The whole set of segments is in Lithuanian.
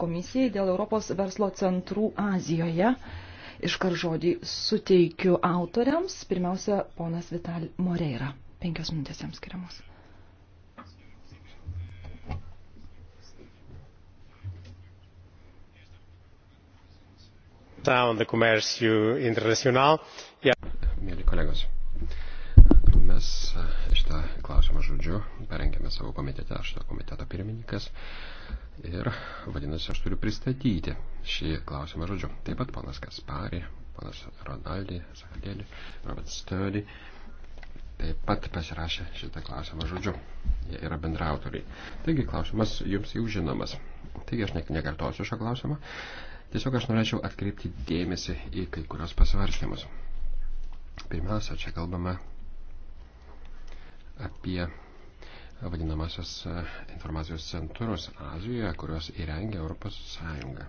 komisijai dėl Europos verslo centrų Azijoje. Iškar žodį suteikiu autoriams. Pirmiausia, ponas Vital Moreira. Penkios minutės jam skiriamos. Mėly kolegos, mes e, šitą klausimą žodžiu parengėme savo komitete, aš to komiteto pirmininkas. Ir vadinasi, aš turiu pristatyti šį klausimą žodžiu. Taip pat panas Kaspari, panas Ronaldį, Sakadėlį, Robert Sturdy taip pat pasirašė šitą klausimą žodžiu. Jie yra bendrautoriai. Taigi klausimas jums jau žinomas. Taigi aš ne, nekartosiu šio klausimo. Tiesiog aš norėčiau atkreipti dėmesį į kai kurios pasvarstymus. Pirmiausia, čia kalbama apie vadinamasios e, informacijos centrus Azijoje, kurios įrengia Europos Sąjunga.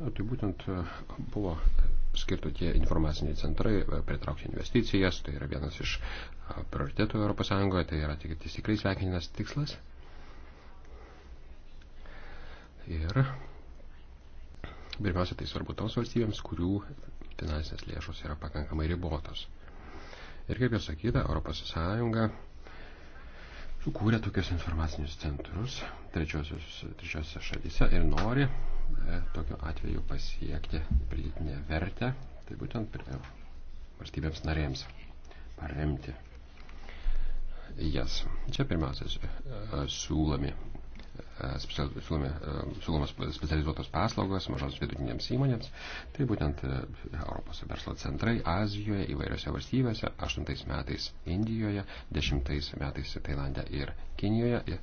Tai būtent e, buvo skirti tie informaciniai centrai, e, pritraukti investicijas, tai yra vienas iš prioritetų Europos Sąjungoje, tai yra tik tikrai sveikinęs tikslas. Ir pirmiausia, tai svarbu toms valstybėms, kurių finansinės lėšos yra pakankamai ribotos. Ir kaip jau sakyta, ES sukūrė tokius informacinius centrus trečiosiuose šalyse ir nori e, tokiu atveju pasiekti pridėtinę vertę, tai būtent prie valstybėms narėms paremti jas. Yes. Čia pirmiausia e, e, siūlomi E, e, siūlomas specializuotos paslaugos mažoms vidutinėms įmonėms. Tai būtent e, Europos verslo centrai Azijoje, įvairiose valstybėse, 8 metais Indijoje, 10 metais Tailande ir Kinijoje.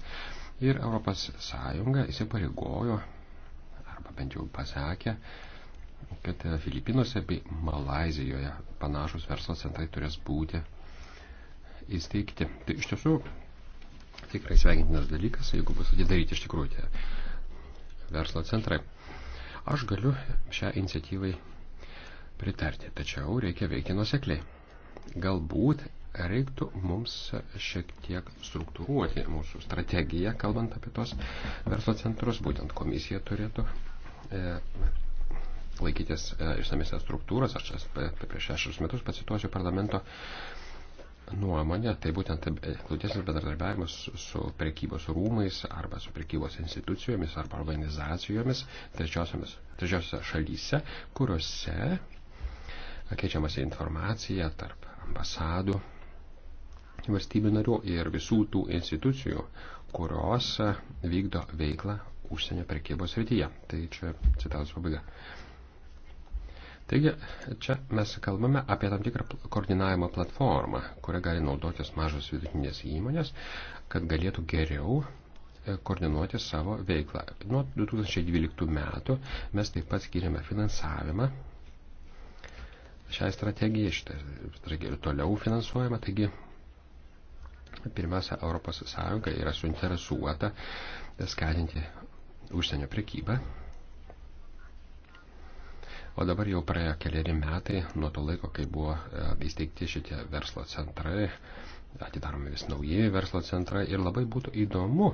Ir Europos Sąjunga įsipareigojo, arba bent jau pasakė, kad Filipinuose bei Malazijoje panašus verslo centrai turės būti įsteigti. Tai iš tiesų tikrai sveikintinas dalykas, jeigu bus atidaryti iš tikrųjų tie verslo centrai. Aš galiu šią iniciatyvai pritarti, tačiau reikia veikti nusekliai. Galbūt reiktų mums šiek tiek struktūruoti mūsų strategiją, kalbant apie tos verslo centrus. Būtent komisija turėtų e, laikytis e, išsamesnės struktūros. Aš čia prieš šešerius metus pacituosiu parlamento nuomonę, tai būtent e, glaudesnis bendradarbiavimas su prekybos rūmais arba su prekybos institucijomis arba organizacijomis trečiosiose šalyse, kuriuose e, keičiamasi informacija tarp ambasadų, valstybių narių ir visų tų institucijų, kurios e, vykdo veiklą užsienio prekybos srityje. Tai čia citatos pabaiga. Taigi čia mes kalbame apie tam tikrą koordinavimo platformą, kurią gali naudotis mažos vidutinės įmonės, kad galėtų geriau e, koordinuoti savo veiklą. Nuo 2012 metų mes taip pat skiriame finansavimą šiai strategijai, šitą strategiją toliau finansuojama, taigi pirmiausia, Europos Sąjunga yra suinteresuota skatinti užsienio prekybą O dabar jau praėjo keliari metai nuo to laiko, kai buvo e, įsteigti šitie verslo centrai, atidaromi vis nauji verslo centrai ir labai būtų įdomu,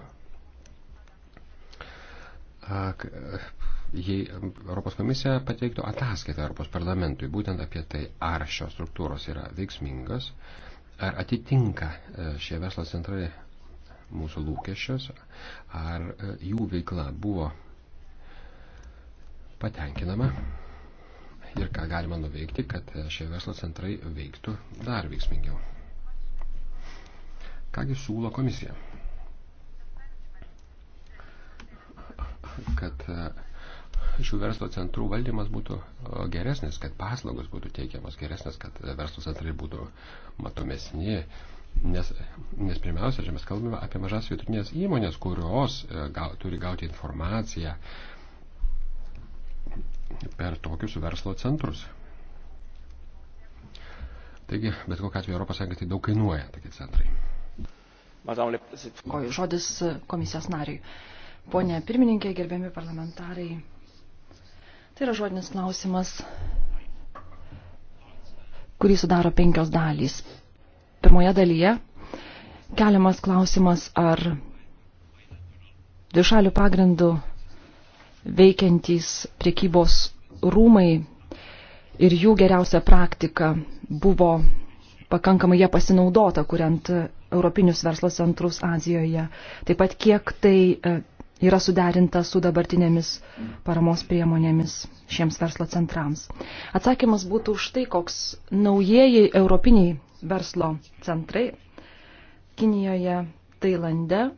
e, jei Europos komisija pateiktų ataskaitą Europos parlamentui būtent apie tai, ar šios struktūros yra veiksmingos, ar atitinka e, šie verslo centrai mūsų lūkesčius, ar jų veikla buvo patenkinama. Mhm ir ką galima nuveikti, kad e, šie verslo centrai veiktų dar veiksmingiau. Kągi siūlo komisija? Kad e, šių verslo centrų valdymas būtų geresnis, kad paslaugos būtų teikiamas geresnis, kad e, verslo centrai būtų matomesni. Nes, nes pirmiausia, čia mes kalbame apie mažas vidutinės įmonės, kurios gal, turi gauti informaciją, uh, per tokius verslo centrus. Taigi, bet kokia atveju Europos Sąjunga tai daug kainuoja tokie centrai. Koju žodis komisijos nariai. Pone pirmininkė, gerbiami parlamentarai, tai yra žodinis klausimas, kurį sudaro penkios dalys. Pirmoje dalyje keliamas klausimas, ar dvišalių pagrindų veikiantys priekybos rūmai ir jų geriausia praktika buvo pakankamai ją pasinaudota, kuriant Europinius verslo centrus Azijoje. Taip pat kiek tai e, yra suderinta su dabartinėmis paramos priemonėmis šiems verslo centrams. Atsakymas būtų už tai, koks naujieji Europiniai verslo centrai Kinijoje, Tailande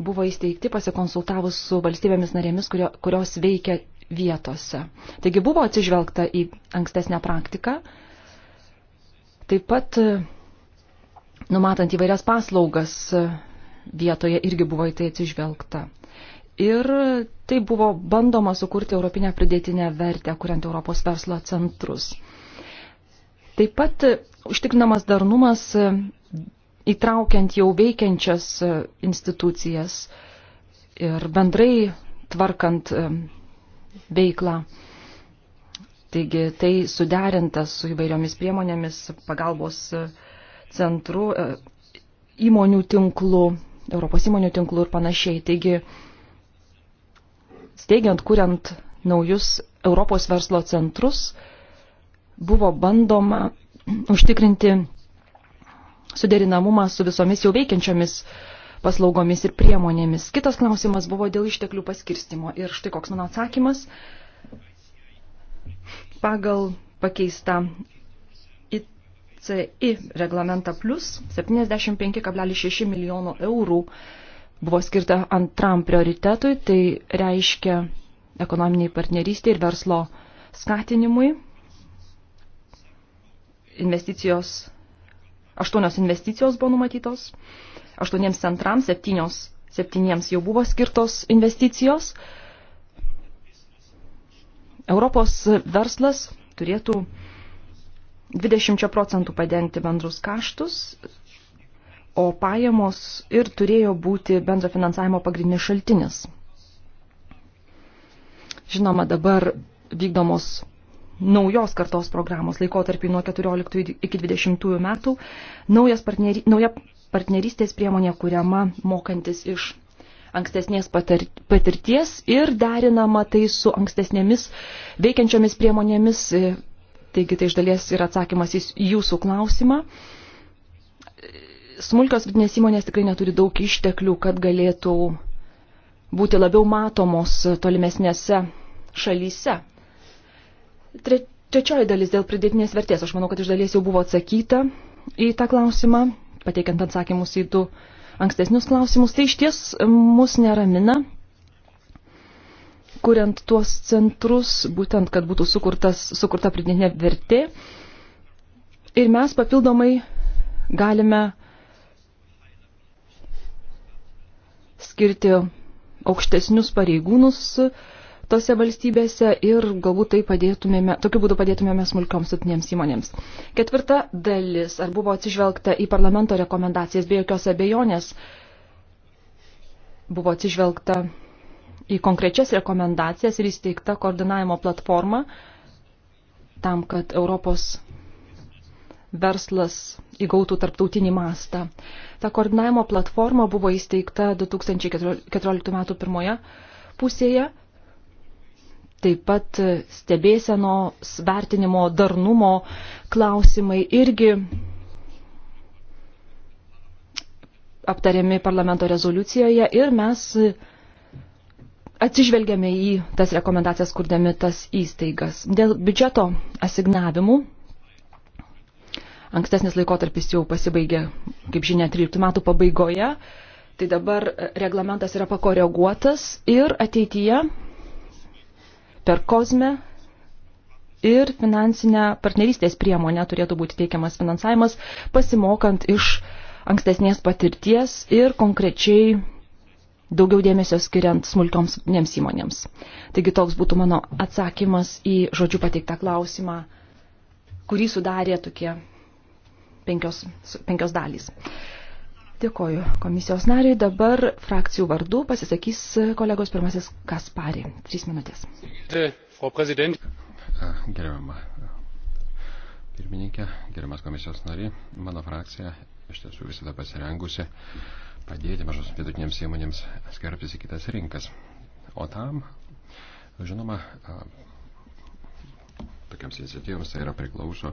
buvo įsteigti pasikonsultavus su valstybėmis narėmis, kurio, kurios veikia vietose. Taigi buvo atsižvelgta į ankstesnę praktiką, taip pat e, numatant įvairias paslaugas e, vietoje irgi buvo į tai atsižvelgta. Ir tai buvo bandoma sukurti Europinę pridėtinę vertę, kuriant Europos verslo centrus. Taip pat e, užtikrinamas darnumas įtraukiant jau veikiančias e, institucijas ir bendrai tvarkant e, veiklą. Taigi tai suderinta su įvairiomis priemonėmis, pagalbos e, centru, įmonių tinklų, Europos įmonių tinklų ir panašiai. Taigi, steigiant, kuriant naujus Europos verslo centrus, buvo bandoma užtikrinti suderinamumą su visomis jau veikiančiomis paslaugomis ir priemonėmis. Kitas klausimas buvo dėl išteklių paskirstimo. Ir štai koks mano atsakymas. Pagal pakeistą ICI reglamentą plus 75,6 milijono eurų buvo skirta antram prioritetui, tai reiškia ekonominiai partnerystiai ir verslo skatinimui, investicijos aštuonios investicijos buvo numatytos, aštuoniems centrams, septynios, septyniems jau buvo skirtos investicijos. Europos verslas turėtų 20 procentų padengti bendrus kaštus, o pajamos ir turėjo būti bendro finansavimo pagrindinis šaltinis. Žinoma, dabar vykdomos naujos kartos programos laikotarpį nuo 14 iki 20 metų, partneri, nauja partnerystės priemonė kuriama mokantis iš ankstesnės patirties ir derinama tai su ankstesnėmis veikiančiomis priemonėmis. Taigi tai iš dalies yra atsakymas į jūsų klausimą. Smulkios vidinės įmonės tikrai neturi daug išteklių, kad galėtų būti labiau matomos tolimesnėse šalyse. Tre, trečioji dalis dėl pridėtinės vertės. Aš manau, kad iš dalies jau buvo atsakyta į tą klausimą, pateikiant atsakymus į du ankstesnius klausimus. Tai iš ties mus neramina, kuriant tuos centrus, būtent, kad būtų sukurtas, sukurta pridėtinė vertė. Ir mes papildomai galime skirti aukštesnius pareigūnus, tose valstybėse ir galbūt tai padėtumėme, tokiu būdu padėtumėme smulkioms sutinėms įmonėms. Ketvirta dalis, ar buvo atsižvelgta į parlamento rekomendacijas, be jokios abejonės buvo atsižvelgta į konkrečias rekomendacijas ir įsteigta koordinavimo platforma tam, kad Europos verslas įgautų tarptautinį mastą. Ta koordinavimo platforma buvo įsteigta 2014 m. pirmoje pusėje taip pat stebėsenos vertinimo darnumo klausimai irgi aptariami parlamento rezoliucijoje ir mes atsižvelgiame į tas rekomendacijas, kurdami tas įstaigas. Dėl biudžeto asignavimų ankstesnis laikotarpis jau pasibaigė, kaip žinia, 13 metų pabaigoje, tai dabar reglamentas yra pakoreguotas ir ateityje per kozmę ir finansinę partnerystės priemonę turėtų būti teikiamas finansavimas, pasimokant iš ankstesnės patirties ir konkrečiai daugiau dėmesio skiriant smulkioms nėms įmonėms. Taigi toks būtų mano atsakymas į žodžių pateiktą klausimą, kurį sudarė tokie penkios, penkios dalys. Dėkoju komisijos nariai. Dabar frakcijų vardų pasisakys kolegos pirmasis Kaspari. Trys minutės. Gerbiama pirmininkė, gerbiamas komisijos nariai, mano frakcija iš tiesų visada pasirengusi padėti mažos vidutinėms įmonėms skarbtis į kitas rinkas. O tam, žinoma, tokiams iniciatyvams tai yra priklauso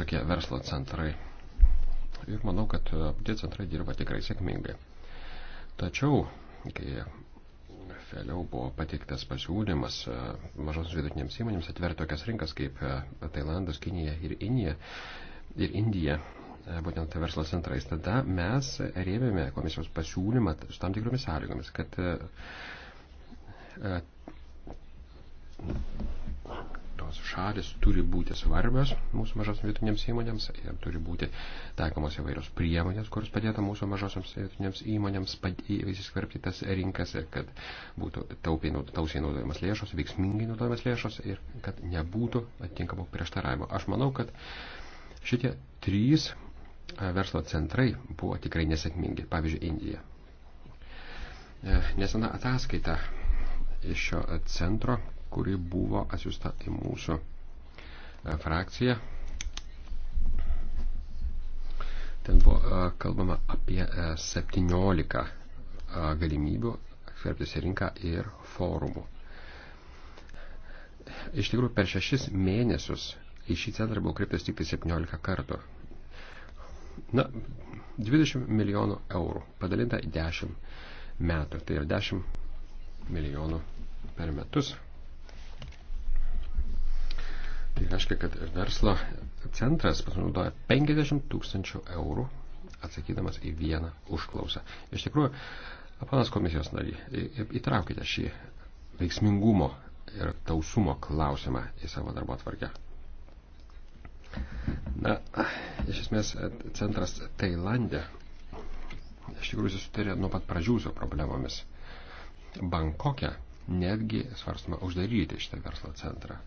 tokie verslo centrai ir manau, kad e, tie centrai dirba tikrai sėkmingai. Tačiau, kai vėliau buvo pateiktas pasiūlymas e, mažos vidutinėms įmonėms atverti tokias rinkas kaip e, Tailandas, Kinija ir, Inija, ir Indija, būtent verslo centrais, tada mes rėmėme komisijos pasiūlymą su tam tikromis sąlygomis, kad šalis turi būti svarbios mūsų mažos vidutinėms įmonėms ir turi būti taikomos įvairios priemonės, kuris padėtų mūsų mažosioms vidutinėms įmonėms įsiskverbti tas rinkas, kad būtų taupiai, tausiai naudojamas lėšos, veiksmingai naudojamas lėšos ir kad nebūtų atitinkamų prieštaravimų. Aš manau, kad šitie trys verslo centrai buvo tikrai nesėkmingi. Pavyzdžiui, Indija. E, nesena ataskaita iš šio centro kuri buvo atsiusta į mūsų e, frakciją. Ten buvo e, kalbama apie 17 e, galimybių skverbtis į rinką ir forumų. Iš tikrųjų, per šešis mėnesius į šį centrą buvo kreiptas tik 17 tai kartų. Na, 20 milijonų eurų padalinta į 10 metų, tai yra 10 milijonų per metus Tai reiškia, kad verslo centras pasinaudoja 50 tūkstančių eurų atsakydamas į vieną užklausą. Iš tikrųjų, panas komisijos nariai, įtraukite šį veiksmingumo ir tausumo klausimą į savo darbo atvarkę. Na, iš esmės, centras Tailandė iš tikrųjų susitarė nuo pat pradžių su problemomis. Bankokė netgi svarstama uždaryti šitą verslo centrą.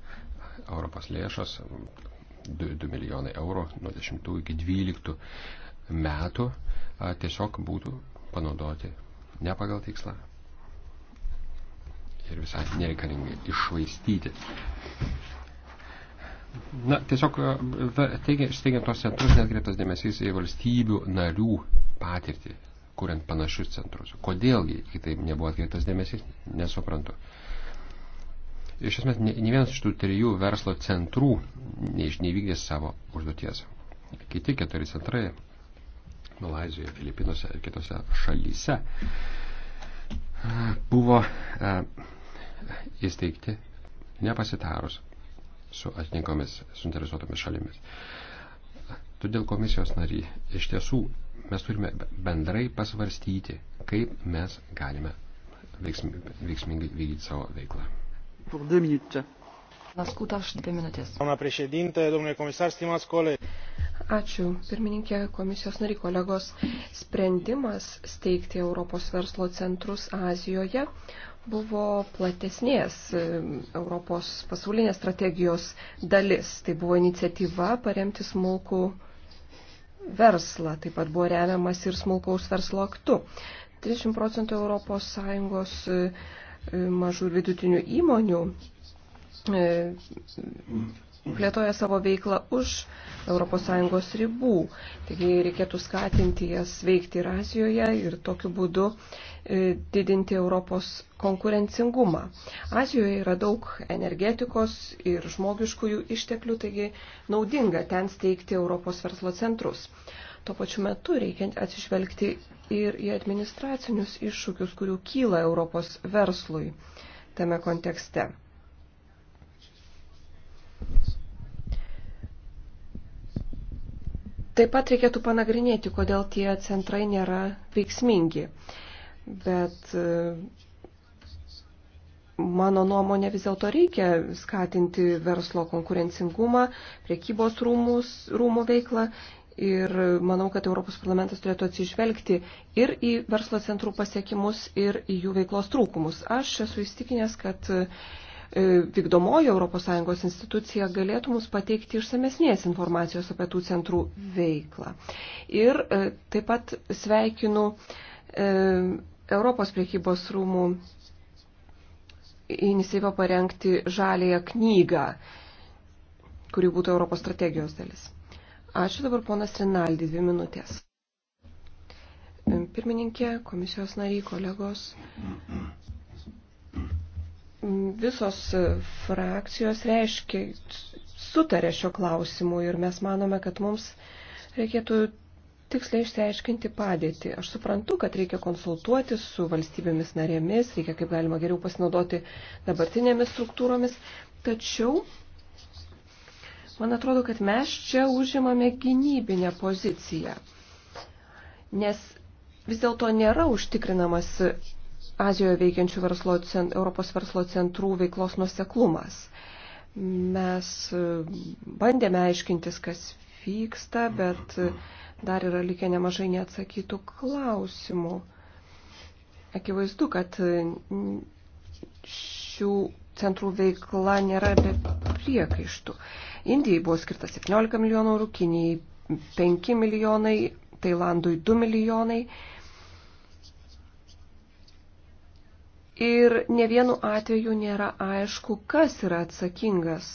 Europos lėšos 2, 2 milijonai eurų nuo 10 iki 12 metų tiesiog būtų panaudoti ne pagal tikslą ir visai nereikalingai išvaistyti. Na, tiesiog steigiant tos centrus netkreiptas dėmesys į valstybių narių patirtį, kuriant panašius centrus. Kodėlgi į tai nebuvo atkreiptas dėmesys, nesuprantu. Uh, Iš esmės, ne, ne vienas iš tų trijų verslo centrų neišnevykdė savo užduoties. Kiti keturi centrai Malazijoje, Filipinuose ir kitose šalyse buvo e, įsteigti nepasitarus su atitinkomis suinteresuotomis šalimis. Todėl komisijos nariai, iš tiesų mes turime bendrai pasvarstyti, kaip mes galime veiksmingai vykdyti savo veiklą. Doamna președinte, domnule comisar, stimați colegi. Ačiū, pirmininkė, komisijos nariai kolegos. Sprendimas steigti Europos verslo centrus Azijoje buvo platesnės e, Europos pasaulinės strategijos dalis. Tai buvo iniciatyva paremti smulkų verslą, taip pat buvo remiamas ir smulkaus verslo aktu. 30 procentų Europos Sąjungos e, mažų ir vidutinių įmonių e, plėtoja savo veiklą už ES ribų. Taigi reikėtų skatinti jas veikti ir Azijoje ir tokiu būdu e, didinti Europos konkurencingumą. Azijoje yra daug energetikos ir žmogiškųjų išteklių, taigi naudinga ten steigti Europos verslo centrus. Tuo pačiu metu reikia atsižvelgti ir į administracinius iššūkius, kurių kyla Europos verslui tame kontekste. Taip pat reikėtų panagrinėti, kodėl tie centrai nėra veiksmingi. Bet e, mano nuomonė vis dėlto reikia skatinti verslo konkurencingumą, priekybos rūmus, rūmų veiklą Ir manau, kad Europos parlamentas turėtų atsižvelgti ir į verslo centrų pasiekimus, ir į jų veiklos trūkumus. Aš esu įstikinęs, kad e, vykdomoji ES institucija galėtų mums pateikti išsamesnės informacijos apie tų centrų veiklą. Ir e, taip pat sveikinu e, Europos priekybos rūmų iniciatyvą parengti žalėją knygą, kuri būtų Europos strategijos dalis. Ačiū dabar ponas Rinaldi, dvi minutės. Pirmininkė, komisijos nariai, kolegos. Visos frakcijos reiškia, sutarė šio klausimu ir mes manome, kad mums reikėtų tiksliai išsiaiškinti padėtį. Aš suprantu, kad reikia konsultuoti su valstybėmis narėmis, reikia kaip galima geriau pasinaudoti dabartinėmis struktūromis, tačiau Man atrodo, kad mes čia užimame gynybinę poziciją, nes vis dėlto nėra užtikrinamas Azijoje veikiančių verslo, Europos verslo centrų veiklos nuseklumas. Mes e, bandėme aiškintis, kas vyksta, bet dar yra likę nemažai neatsakytų klausimų. Akivaizdu, kad šių centrų veikla nėra be priekaištų. Indijai buvo skirta 17 milijonų eurų, Kinijai 5 milijonai, Tailandui 2 milijonai. Ir ne vienu atveju nėra aišku, kas yra atsakingas,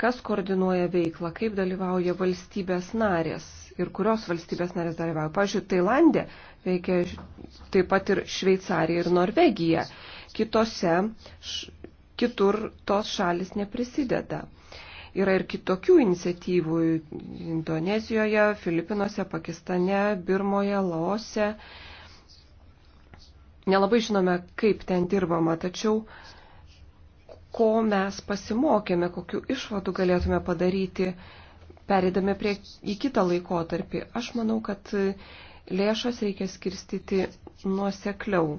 kas koordinuoja veiklą, kaip dalyvauja valstybės narės ir kurios valstybės narės dalyvauja. Pavyzdžiui, Tailandė veikia taip pat ir Šveicarija ir Norvegija. Kitose kitur tos šalis neprisideda. Yra ir kitokių iniciatyvų Indonezijoje, Filipinuose, Pakistane, Birmoje, Laose. Nelabai žinome, kaip ten dirbama, tačiau ko mes pasimokėme, kokiu išvadu galėtume padaryti, perėdami prie, į kitą laikotarpį. Aš manau, kad lėšas reikia skirstyti nuosekliau.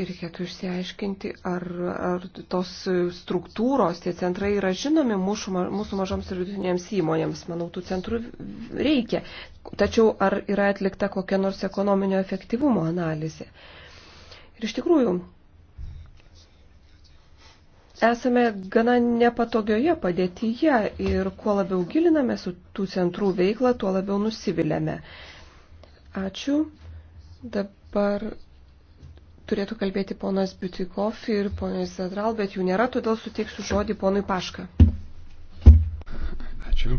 Reikėtų išsiaiškinti, ar, ar tos struktūros, tie centrai yra žinomi mūsų, mūsų mažoms ir vidutinėms įmonėms. Manau, tų centrų reikia. Tačiau ar yra atlikta kokia nors ekonominio efektyvumo analizė? Ir iš tikrųjų, esame gana nepatogioje padėtyje ir kuo labiau giliname su tų centrų veiklą, tuo labiau nusiviliame. Ačiū. Dabar turėtų kalbėti ponas Biutikov ir ponas Zadral, bet jų nėra, todėl suteiksiu žodį ponui Pašką. Ačiū.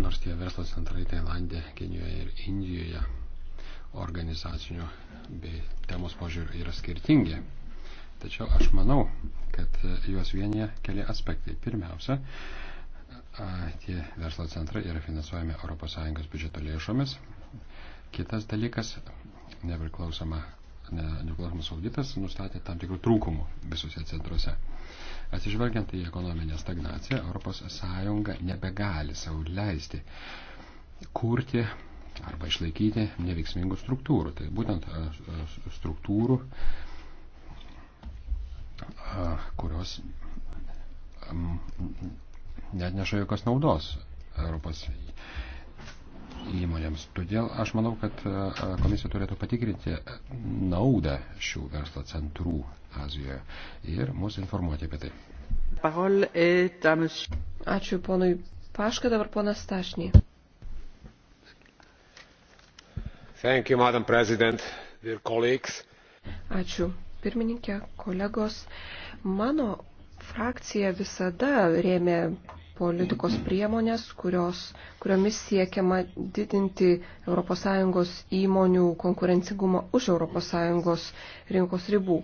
Nors tie verslo centrai Tailandė, Kenijoje ir Indijoje organizacinių bei temos požiūrių yra skirtingi. Tačiau aš manau, kad juos vienyje keli aspektai. Pirmiausia, tie verslo centrai yra finansuojami ES biudžeto lėšomis. Kitas dalykas, nepriklausoma nepriklausomas auditas nustatė tam tikrų trūkumų visose centruose. Atsižvelgiant į ekonominę stagnaciją, ES nebegali savo leisti kurti arba išlaikyti neveiksmingų struktūrų. Tai būtent struktūrų, kurios net neša jokios naudos Europos įmonėms. Todėl aš manau, kad e, komisija turėtų patikrinti e, naudą šių verslo centrų Azijoje ir mus informuoti apie tai. Ačiū ponui Paška, dabar ponas Stašny. Thank you, Madam President, dear colleagues. Ačiū, pirmininkė, kolegos. Mano frakcija visada rėmė politikos priemonės, kurios, kuriomis siekiama didinti ES įmonių konkurencingumą už ES rinkos ribų.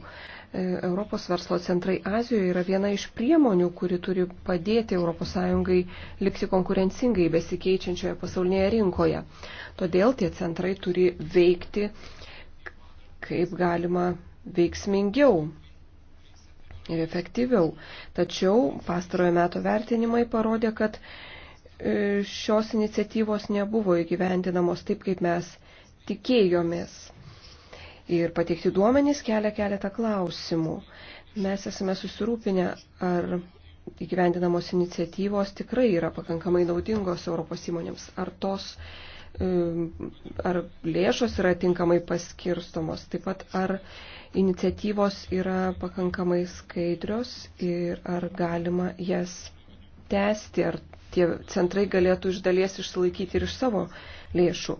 E, Europos verslo centrai Azijoje yra viena iš priemonių, kuri turi padėti ES likti konkurencingai besikeičiančioje pasaulinėje rinkoje. Todėl tie centrai turi veikti kaip galima veiksmingiau ir efektyviau. Tačiau pastarojo meto vertinimai parodė, kad e, šios iniciatyvos nebuvo įgyvendinamos taip, kaip mes tikėjomės. Ir pateikti duomenys kelia keletą klausimų. Mes esame susirūpinę, ar įgyvendinamos iniciatyvos tikrai yra pakankamai naudingos Europos įmonėms. Ar tos e, ar lėšos yra tinkamai paskirstomos, taip pat ar iniciatyvos yra pakankamai skaidrios ir ar galima jas tęsti, ar tie centrai galėtų iš dalies išsilaikyti ir iš savo lėšų.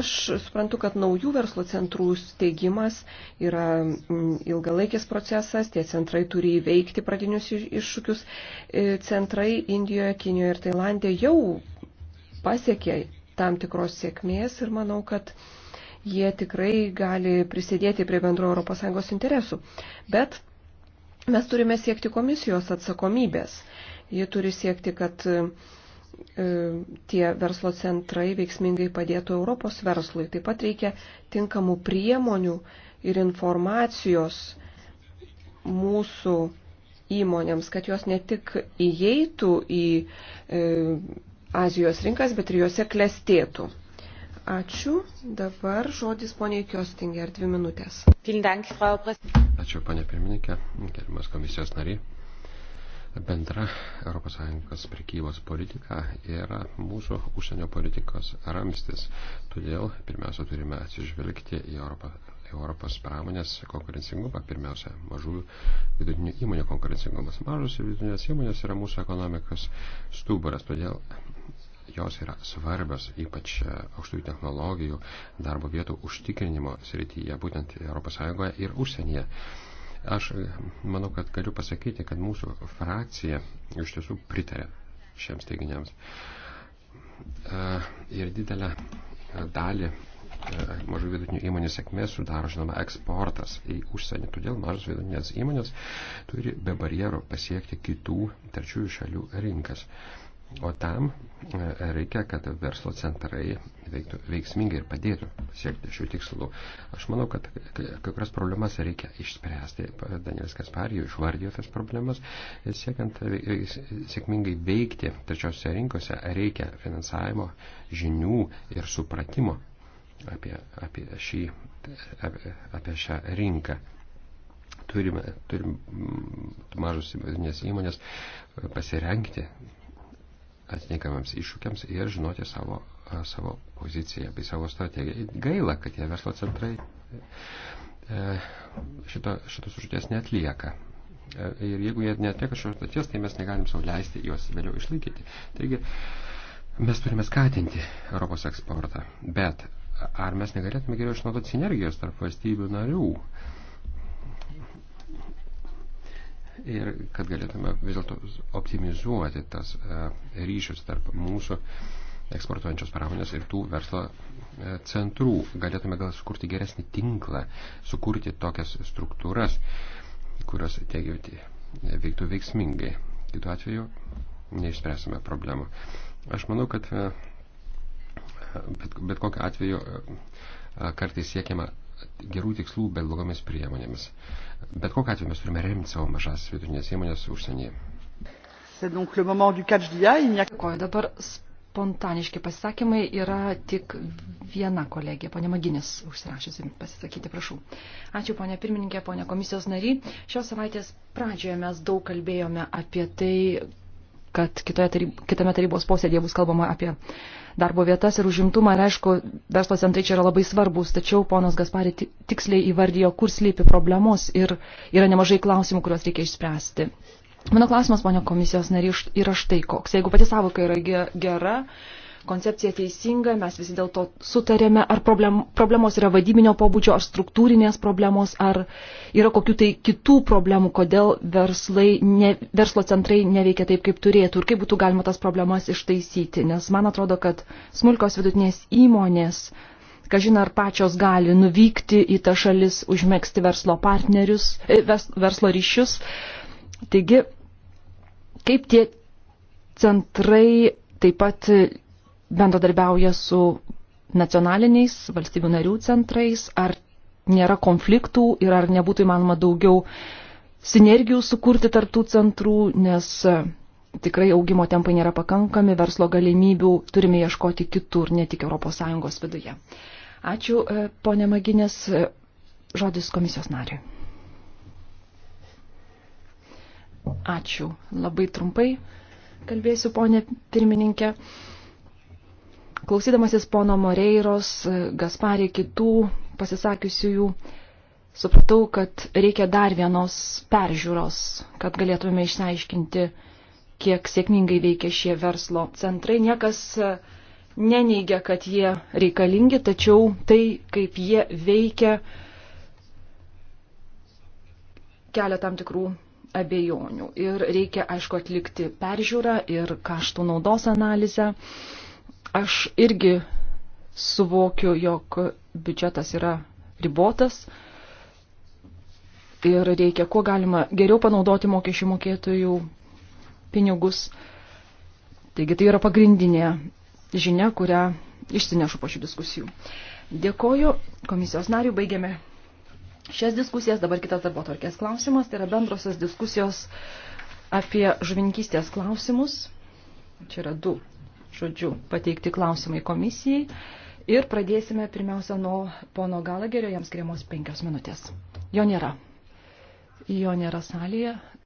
Aš suprantu, kad naujų verslo centrų steigimas yra mm, ilgalaikis procesas, tie centrai turi įveikti pradinius iššūkius. E, centrai Indijoje, Kinijoje ir Tailandė jau pasiekė tam tikros sėkmės ir manau, kad uh, jie tikrai gali prisidėti prie bendro ES interesų. Bet mes turime siekti komisijos atsakomybės. Ji turi siekti, kad e, tie verslo centrai veiksmingai padėtų Europos verslui. Taip pat reikia tinkamų priemonių ir informacijos mūsų įmonėms, kad jos ne tik įeitų į e, Azijos rinkas, bet ir juose klestėtų. Ačiū. Dabar žodis poniai Kjostinger, dvi minutės. Ačiū, ponė pirmininkė, gerimas komisijos nariai. Bendra ES prekybos politika yra mūsų užsienio politikos ramstis. Todėl pirmiausia turime atsižvelgti į Europą, Europos pramonės konkurencingumą, pirmiausia, mažų vidutinių įmonių konkurencingumas. Mažos ir vidutinės įmonės yra mūsų ekonomikos stuburas, todėl jos yra svarbios, ypač e, aukštųjų technologijų darbo vietų užtikrinimo srityje, būtent ES ir užsienyje. Aš e, manau, kad galiu pasakyti, kad mūsų frakcija iš tiesų pritarė šiems teiginiams. E, ir didelę dalį mažų vidutinių įmonių sėkmės sudaro, žinoma, eksportas į užsienį. Todėl mažos vidutinės įmonės turi be barjerų pasiekti kitų trečiųjų šalių rinkas. Uh, O tam e, reikia, kad verslo centrai veiktų veiksmingai ir padėtų siekti šių tikslų. Aš manau, kad kai kurias problemas reikia išspręsti. Danielis Kasparijo išvardijo tas problemas. Siekiant e, e, sėkmingai veikti trečiosiose rinkose, reikia finansavimo, žinių ir supratimo apie, apie, šį, apie, apie šią rinką turime, turime mažos įmonės pasirenkti atitinkamams iššūkiams ir žinoti savo, savo poziciją bei savo strategiją. Gaila, kad tie verslo centrai e, šito, šitos užduoties netlieka. E, ir jeigu jie netlieka šios užduoties, tai mes negalim savo leisti juos vėliau išlaikyti. Taigi mes turime skatinti Europos eksportą. Bet ar mes negalėtume geriau išnaudoti sinergijos tarp valstybių narių? ir kad galėtume vis dėlto optimizuoti tas e, ryšius tarp mūsų eksportuojančios pramonės ir tų verslo e, centrų. Galėtume gal sukurti geresnį tinklą, sukurti tokias struktūras, kurios teigiamti e, veiktų veiksmingai. Kitu atveju neišspręsime problemų. Aš manau, kad bet, bet kokiu atveju kartais siekiama gerų tikslų, bet blogomis priemonėmis. Bet kokiu atveju mes turime remti savo mažas vidutinės įmonės užsienyje. Dėkoju. Dabar spontaniški pasisakymai yra tik viena kolegė, ponė Maginis, užsirašysi pasisakyti, prašau. Ačiū, ponė pirmininkė, ponė komisijos nary. Šios savaitės pradžioje mes daug kalbėjome apie tai, kad taryb, kitame tarybos posėdėje bus kalbama apie darbo vietas ir užimtumą. Ir aišku, verslo centrai čia yra labai svarbus, tačiau ponas Gaspari tiksliai įvardijo, kur slypi problemos ir yra nemažai klausimų, kuriuos reikia išspręsti. Mano klausimas, ponio komisijos nariai, yra štai koks. Jeigu pati savoka yra gera, koncepcija teisinga, mes visi dėl to sutarėme, ar problem, problemos yra vadybinio pobūdžio, ar struktūrinės problemos, ar yra kokių tai kitų problemų, kodėl verslai, ne, verslo centrai neveikia taip, kaip turėtų ir kaip būtų galima tas problemas ištaisyti. Nes man atrodo, kad smulkos vidutinės įmonės, kažin ar pačios gali nuvykti į tą šalis, užmėgsti verslo partnerius, e, vers, verslo ryšius. Taigi, kaip tie centrai taip pat bendradarbiauja su nacionaliniais valstybių narių centrais, ar nėra konfliktų ir ar nebūtų įmanoma daugiau sinergijų sukurti tarptų centrų, nes e, tikrai augimo tempai nėra pakankami, verslo galimybių turime ieškoti kitur, ne tik ES viduje. Ačiū, e, ponė Maginės, e, žodis komisijos nariui. Ačiū. Labai trumpai kalbėsiu, ponė pirmininkė. Klausydamasis pono Moreiros, e, Gasparį kitų pasisakiusiųjų, supratau, kad reikia dar vienos peržiūros, kad galėtume išsiaiškinti, kiek sėkmingai veikia šie verslo centrai. Niekas e, neneigia, kad jie reikalingi, tačiau tai, kaip jie veikia, kelia tam tikrų abejonių. Ir reikia, aišku, atlikti peržiūrą ir kaštų naudos analizę. Aš irgi suvokiu, jog biudžetas yra ribotas ir reikia kuo galima geriau panaudoti mokesčių mokėtojų pinigus. Taigi tai yra pagrindinė žinia, kurią išsinešu po šių diskusijų. Dėkoju komisijos nariu, baigiame šias diskusijas. Dabar kitas darbo tvarkės klausimas, tai yra bendrosios diskusijos apie žuvininkystės klausimus. Čia yra du žodžiu pateikti klausimai komisijai. Ir pradėsime pirmiausia nuo pono Galagerio, jam skiriamos penkios minutės. Jo nėra. Jo nėra salėje.